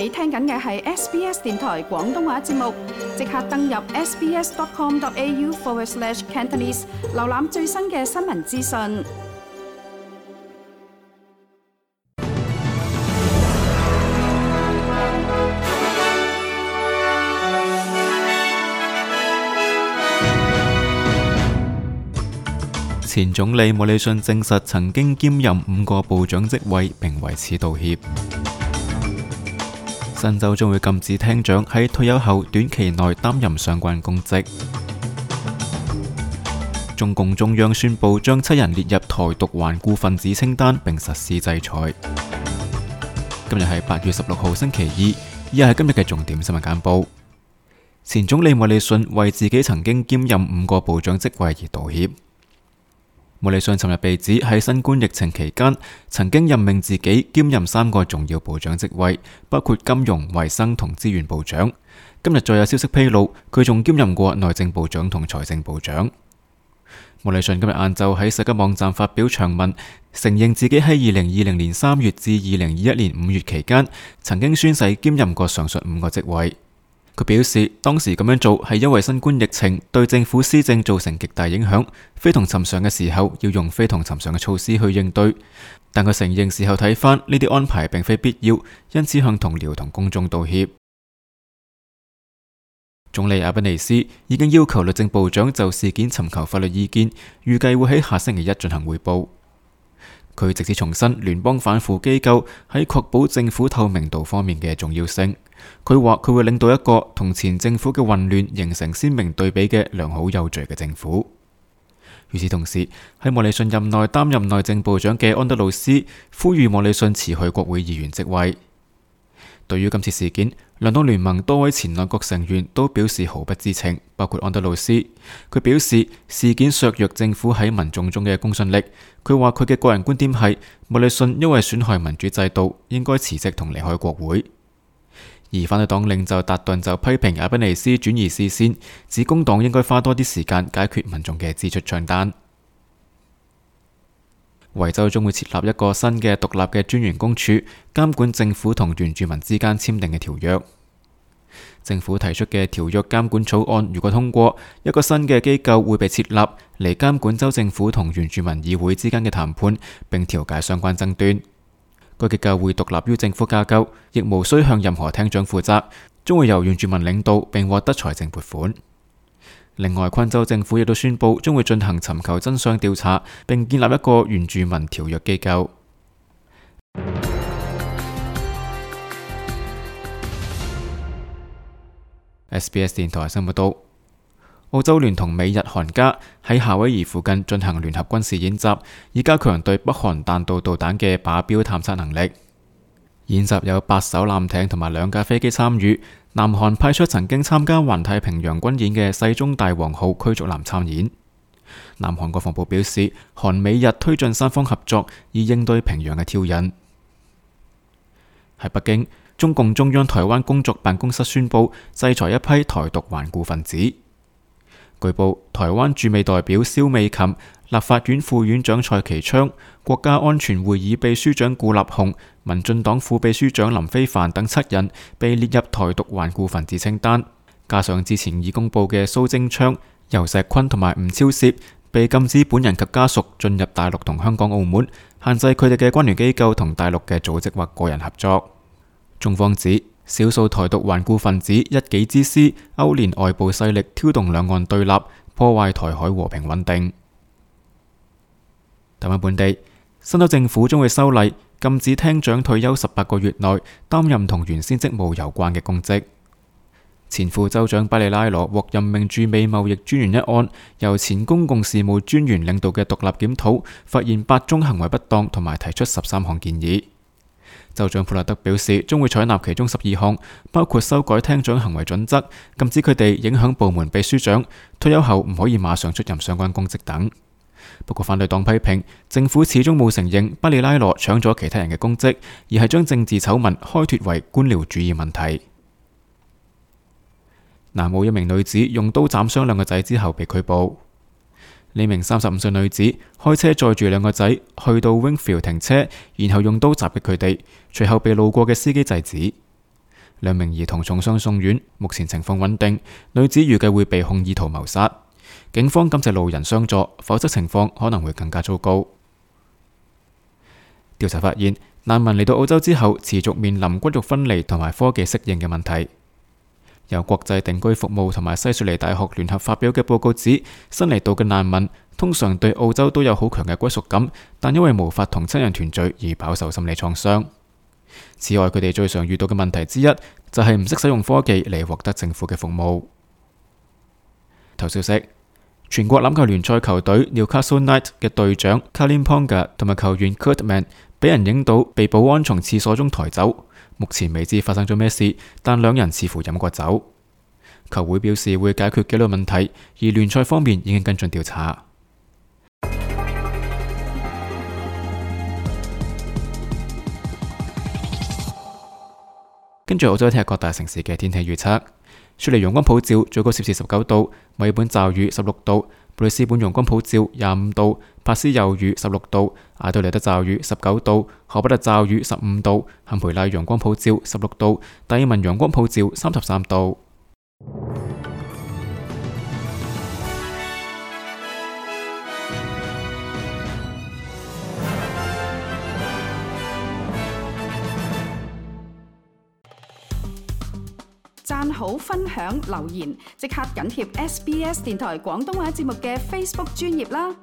你聽緊嘅係 SBS 電台廣東話節目，即刻登入 sbs.com.au/cantonese 瀏覽最新嘅新聞資訊。前總理莫里信證實曾經兼任五個部長職位，並為此道歉。新州將會禁止廳長喺退休後短期內擔任相關公職。中共中央宣佈將七人列入台獨頑固分子清單並實施制裁。今日係八月十六號星期二，以下係今日嘅重點新聞簡報。前總理莫理遜為自己曾經兼任五個部長職位而道歉。莫里遜尋日被指喺新冠疫情期間，曾經任命自己兼任三個重要部長職位，包括金融、衛生同資源部長。今日再有消息披露，佢仲兼任過內政部長同財政部長。莫里遜今日晏晝喺社交網站發表長文，承認自己喺二零二零年三月至二零二一年五月期間曾經宣誓兼任過上述五個職位。佢表示，當時咁樣做係因為新冠疫情對政府施政造成極大影響，非同尋常嘅時候要用非同尋常嘅措施去應對。但佢承認事後睇翻呢啲安排並非必要，因此向同僚同公眾道歉。總理阿賓尼斯已經要求律政部長就事件尋求法律意見，預計會喺下星期一進行匯報。佢直接重申聯邦反腐機構喺確保政府透明度方面嘅重要性。佢話佢會領導一個同前政府嘅混亂形成鮮明對比嘅良好有序嘅政府。與此同時，喺莫里遜任內擔任內政部長嘅安德魯斯呼籲莫里遜辭去國會議員職位。對於今次事件，兩黨聯盟多位前內閣成員都表示毫不知情，包括安德魯斯。佢表示事件削弱政府喺民眾中嘅公信力。佢話佢嘅個人觀點係莫里遜因為損害民主制度，應該辭職同離開國會。而反對黨領袖達頓就批評阿賓尼斯轉移視線，指工黨應該花多啲時間解決民眾嘅支出賬單。維州將會設立一個新嘅獨立嘅專員公署，監管政府同原住民之間簽訂嘅條約。政府提出嘅條約監管草案如果通過，一個新嘅機構會被設立嚟監管州政府同原住民議會之間嘅談判，並調解相關爭端。該、這個、機構會獨立於政府架構，亦無需向任何廳長負責，將會由原住民領導，並獲得財政撥款。另外，昆州政府亦都宣布將會進行尋求真相調查，並建立一個原住民條約機構。 SBS 電台新聞台。澳洲聯同美日韓家喺夏威夷附近進行聯合軍事演習，以加強對北韓彈道導彈嘅靶標探測能力。演習有八艘艦艇同埋兩架飛機參與。南韓派出曾經參加環太平洋軍演嘅世宗大王號驅逐艦參演。南韓國防部表示，韓美日推進三方合作，以應對平壤嘅挑釁。喺北京，中共中央台灣工作辦公室宣布制裁一批台獨頑固分子。據報，台灣駐美代表蕭美琴、立法院副院長蔡其昌、國家安全會議秘書長顧立雄、民進黨副秘書長林飛帆等七人被列入台獨頑固分子清單，加上之前已公布嘅蘇貞昌、游錫堃同埋吳釗燮，被禁止本人及家屬進入大陸同香港澳門，限制佢哋嘅關聯機構同大陸嘅組織或個人合作。中方指，少數台獨頑固分子一己之私，勾連外部勢力挑動兩岸對立，破壞台海和平穩定。睇返本地，新州政府將會修例，禁止廳長退休十八個月內擔任同原先職務有關嘅公職。前副州長巴里拉羅獲任命駐美貿易專員一案，由前公共事務專員領導嘅獨立檢討，發現八宗行為不當，同埋提出十三項建議。州長普拉德表示，將會採納其中十二項，包括修改廳長行為準則，禁止佢哋影響部門秘書長退休後唔可以馬上出任相關公職等。不過，反對黨批評政府始終冇承認巴里拉羅搶咗其他人嘅公職，而係將政治醜聞開脫為官僚主義問題。南澳一名女子用刀斬傷兩個仔之後被拘捕。呢名三十五歲女子開車載住兩個仔去到 Wingfield 停車，然後用刀襲擊佢哋，隨後被路過嘅司機制止。兩名兒童重傷送院，目前情況穩定。女子預計會被控意圖謀殺。警方感謝路人相助，否則情況可能會更加糟糕。調查發現，難民嚟到澳洲之後，持續面臨骨肉分離同埋科技適應嘅問題。由國際定居服務同埋西雪梨大學聯合發表嘅報告指，新嚟到嘅難民通常對澳洲都有好強嘅歸屬感，但因為無法同親人團聚而飽受心理創傷。此外，佢哋最常遇到嘅問題之一就係唔識使用科技嚟獲得政府嘅服務。頭消息：全國籃球聯賽球隊 Newcastle Knights 嘅隊長 Kalyn Ponga 同埋球員 Kurt Mann 俾人影到被保安從廁所中抬走。目前未知發生咗咩事，但兩人似乎飲過酒。球會表示會解決紀律問題，而聯賽方面已經跟進調查。跟住， 我再睇下，各大城市嘅天氣預測。雪梨陽光普照，最高攝氏十九度；墨爾本驟雨，十六度；布里斯本陽光普照，廿五度。柏斯有雨，十六度；阿德萊德驟雨，十九度；荷伯特驟雨，十五度；坎培拉陽光普照，十六度；達爾文陽光普照，三十三度。讚好，分享，留言，即刻緊貼 SBS 電台廣東話節目嘅 Facebook 專頁啦！